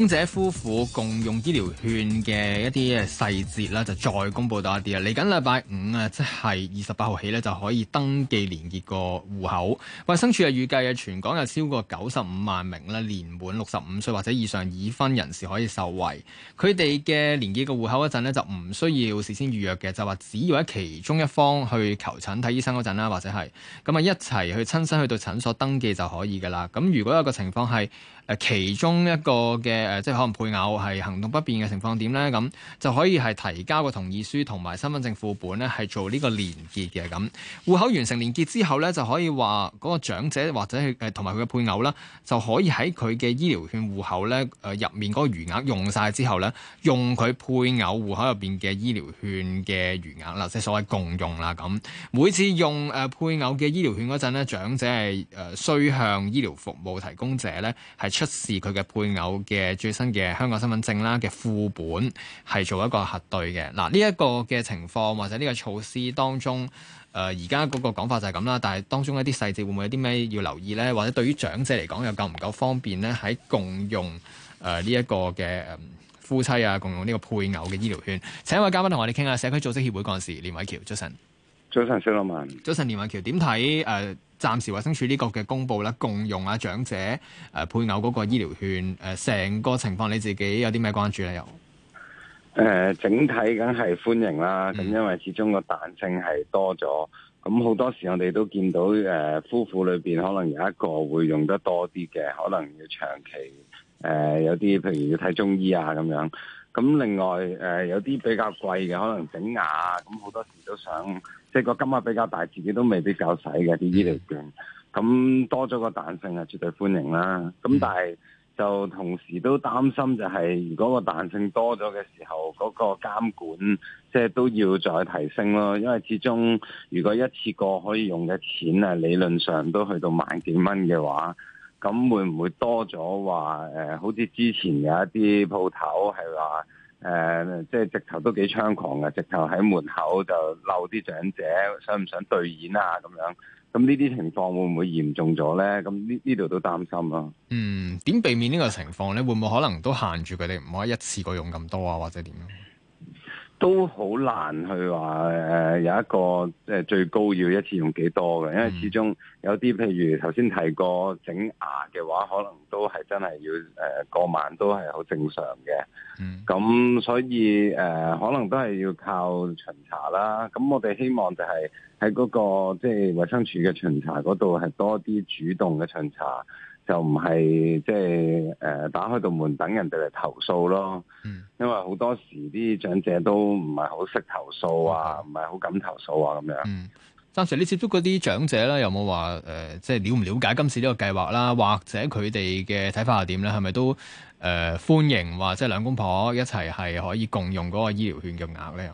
長者夫婦共用醫療券嘅一啲細節啦，就再公布多一啲啦。嚟緊禮拜五啊，即係二十八號起呢，就可以登記連結個戶口。衛生署係預計啊，全港有超過九十五萬名啦，年滿六十五歲或者以上已婚人士可以受惠。佢哋嘅連結個戶口嗰陣呢，就唔需要事先預約嘅，就話只要喺其中一方去求診睇醫生嗰陣啦，或者係咁啊，一齊去，親身去到診所登記就可以噶啦。咁如果有一個情況係誒其中一個嘅。誒、呃、即係可能配偶係行動不便嘅情況點咧，咁就可以係提交個同意書同埋身份證副本咧，係做呢個連結嘅咁。戶口完成連結之後咧，就可以話嗰個長者或者係誒同埋佢嘅配偶啦，就可以喺佢嘅醫療券戶口咧誒入面嗰個餘額用晒之後咧，用佢配偶戶口入邊嘅醫療券嘅餘額啦，即係所謂共用啦咁。每次用誒、呃、配偶嘅醫療券嗰陣咧，長者係誒需向醫療服務提供者咧係出示佢嘅配偶嘅。最新嘅香港身份證啦嘅副本係做一個核對嘅。嗱、這個，呢一個嘅情況或者呢個措施當中，誒而家嗰個講法就係咁啦。但係當中一啲細節會唔會有啲咩要留意呢？或者對於長者嚟講又夠唔夠方便呢？喺共用誒呢一個嘅、嗯、夫妻啊，共用呢個配偶嘅醫療券。請一位嘉賓同我哋傾下社區組織協會幹事，連瑋翹，Jason、早晨。早晨，小羅文。早晨，連瑋翹點睇誒？暫時衞生署呢個嘅公佈咧，共用啊長者誒、呃、配偶嗰個醫療券誒成、呃、個情況，你自己有啲咩關注咧？又誒、呃，整體梗係歡迎啦，咁、嗯、因為始終個彈性係多咗。咁好多時我哋都見到誒、呃、夫婦裏面可能有一個會用得多啲嘅，可能要長期誒、呃、有啲譬如要睇中醫啊咁樣。咁另外誒、呃、有啲比較貴嘅，可能整牙啊，咁好多時都想即係個金額比較大，自己都未必夠使嘅啲醫療券。咁、mm. 多咗個彈性係絕對歡迎啦。咁但係。Mm. 就同時都擔心，就係如果個彈性多咗嘅時候，嗰個監管即係都要再提升咯。因為始終如果一次過可以用嘅錢啊，理論上都去到萬幾蚊嘅話，咁會唔會多咗話誒？好似之前有一啲鋪頭係話誒，即係直頭都幾猖狂嘅，直頭喺門口就漏啲長者想唔想兌現啊咁樣。咁呢啲情況會唔會嚴重咗咧？咁呢呢度都擔心咯。嗯，點避免呢個情況咧？會唔會可能都限住佢哋唔可以一次過用咁多啊？或者點樣？都好難去話誒有一個即係、呃、最高要一次用幾多嘅，因為始終有啲譬如頭先提過整牙嘅話，可能都係真係要誒、呃、過萬，都係好正常嘅。咁、嗯、所以誒、呃、可能都係要靠巡查啦。咁我哋希望就係喺嗰個即係、就是、衛生署嘅巡查嗰度係多啲主動嘅巡查。就唔係即係誒打開道門等人哋嚟投訴咯，嗯、因為好多時啲長者都唔係好識投訴啊，唔係好敢投訴啊咁樣。暫時、嗯、你接觸嗰啲長者咧，有冇話誒即係了唔瞭解今次呢個計劃啦，或者佢哋嘅睇法係點咧？係咪都誒、呃、歡迎或者係兩公婆一齊係可以共用嗰個醫療券嘅額咧？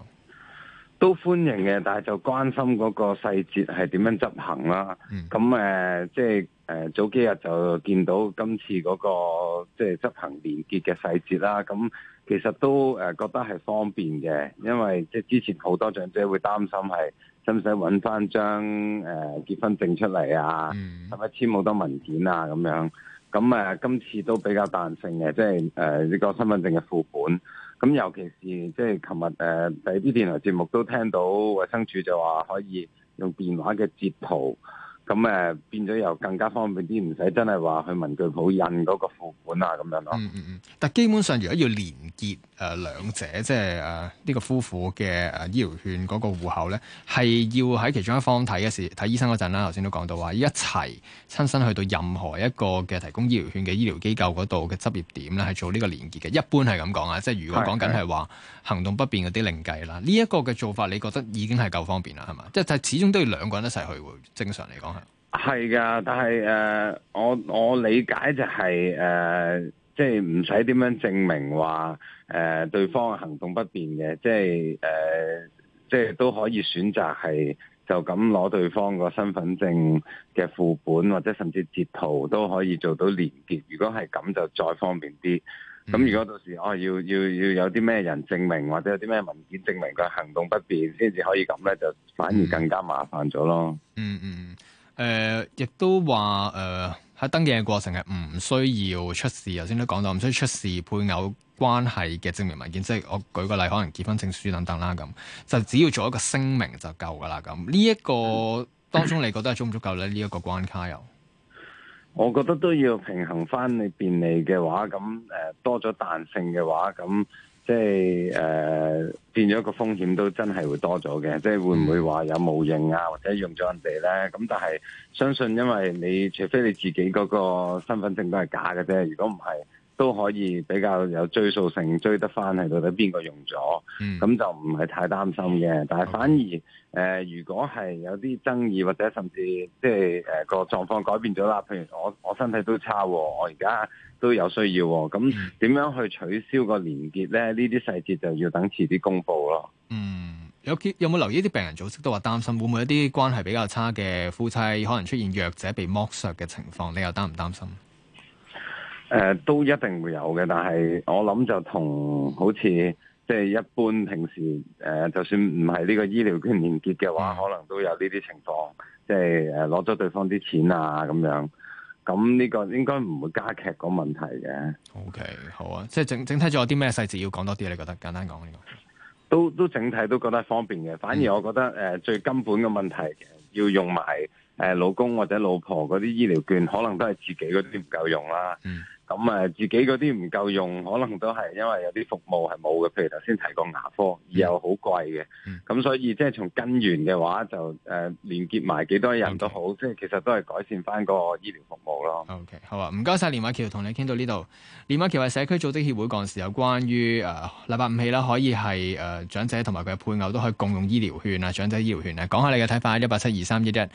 都歡迎嘅，但係就關心嗰個細節係點樣執行啦。咁誒、嗯呃，即係、呃、早幾日就見到今次嗰、那個即係執行連結嘅細節啦。咁、啊、其實都誒、呃、覺得係方便嘅，因為即係之前好多長者會擔心係使唔使搵返張誒結婚證出嚟啊，使唔使簽好多文件啊咁樣。咁誒、呃、今次都比較彈性嘅，即係誒呢個身份證嘅副本。咁尤其是即係琴日誒第二啲電台節目都聽到衛生署就話可以用電話嘅截圖。咁誒變咗又更加方便啲，唔使真係話去文具鋪印嗰個副本啊咁樣咯。嗯嗯嗯。但基本上，如果要連結誒、呃、兩者，即係呢、呃呢個夫婦嘅誒、呃、醫療券嗰個戶口咧，係要喺其中一方睇嘅時睇醫生嗰陣啦。頭先都講到話，一齊親身去到任何一個嘅提供醫療券嘅醫療機構嗰度嘅執業點咧，係做呢個連結嘅。一般係咁講啊，即係如果講緊係話行動不便嗰啲另計啦。呢一個嘅做法，你覺得已經係夠方便啦，係嘛？即係係始終都要兩個人一齊去喎。正常嚟講。係噶，但係誒、呃，我我理解就係、是、誒，即係唔使點樣證明話誒、呃，對方行動不便嘅，即係誒，即、呃、係、就是、都可以選擇係就咁攞對方個身份證嘅副本或者甚至截圖都可以做到連結。如果係咁就再方便啲。咁、嗯、如果到時我、啊、要要要有啲咩人證明或者有啲咩文件證明佢行動不便，先至可以咁咧，就反而更加麻煩咗咯。嗯嗯。誒、呃，亦都話誒，喺、呃、登記嘅過程係唔需要出示，頭先都講到唔需要出示配偶關係嘅證明文件，即係我舉個例，可能結婚證書等等啦，咁就只要做一個聲明就夠㗎喇。咁呢一個當中，你覺得係足唔足夠呢？呢、這、一個關卡有？我覺得都要平衡翻你便利嘅話，咁誒、呃、多咗彈性嘅話，咁。即係誒、呃，變咗個風險都真係會多咗嘅，即係會唔會話有冒認啊，嗯、或者用咗人哋咧？咁但係相信，因為你除非你自己嗰個身份證都係假嘅啫，如果唔係，都可以比較有追溯性追得翻係到底邊個用咗，咁、嗯、就唔係太擔心嘅。但係反而誒、嗯呃，如果係有啲爭議或者甚至即係誒個狀況改變咗啦，譬如我我身體都差，我而家。都有需要喎，咁點樣去取消個連結咧？呢啲細節就要等遲啲公布咯。嗯，有有冇留意啲病人組織都話擔心，會唔會一啲關係比較差嘅夫妻可能出現弱者被剝削嘅情況？你又擔唔擔心？誒、呃，都一定會有嘅，但係我諗就同好似即係一般平時誒、呃，就算唔係呢個醫療券嘅連結嘅話，嗯、可能都有呢啲情況，即係誒攞咗對方啲錢啊咁樣。咁呢個應該唔會加劇個問題嘅。OK，好啊，即係整整體仲有啲咩細節要講多啲？你覺得簡單講呢個都都整體都覺得方便嘅。反而我覺得、嗯呃、最根本嘅問題要用埋。誒、呃，老公或者老婆嗰啲醫療券可能都係自己嗰啲唔夠用啦。咁啊、嗯，自己嗰啲唔夠用，可能都係因為有啲服務係冇嘅，譬如頭先提過牙科又好貴嘅。咁所以即係從根源嘅話就誒、呃，連結埋幾多人都好，即係、嗯 okay. 其實都係改善翻個醫療服務咯。OK，好啊，唔該晒連瑋翹，同你傾到呢度。連瑋翹係社區組織協會幹事，有關於誒禮拜五起啦，可以係誒、呃、長者同埋佢嘅配偶都可以共用醫療券啊，長者醫療券啊，講下你嘅睇法一八七二三一一。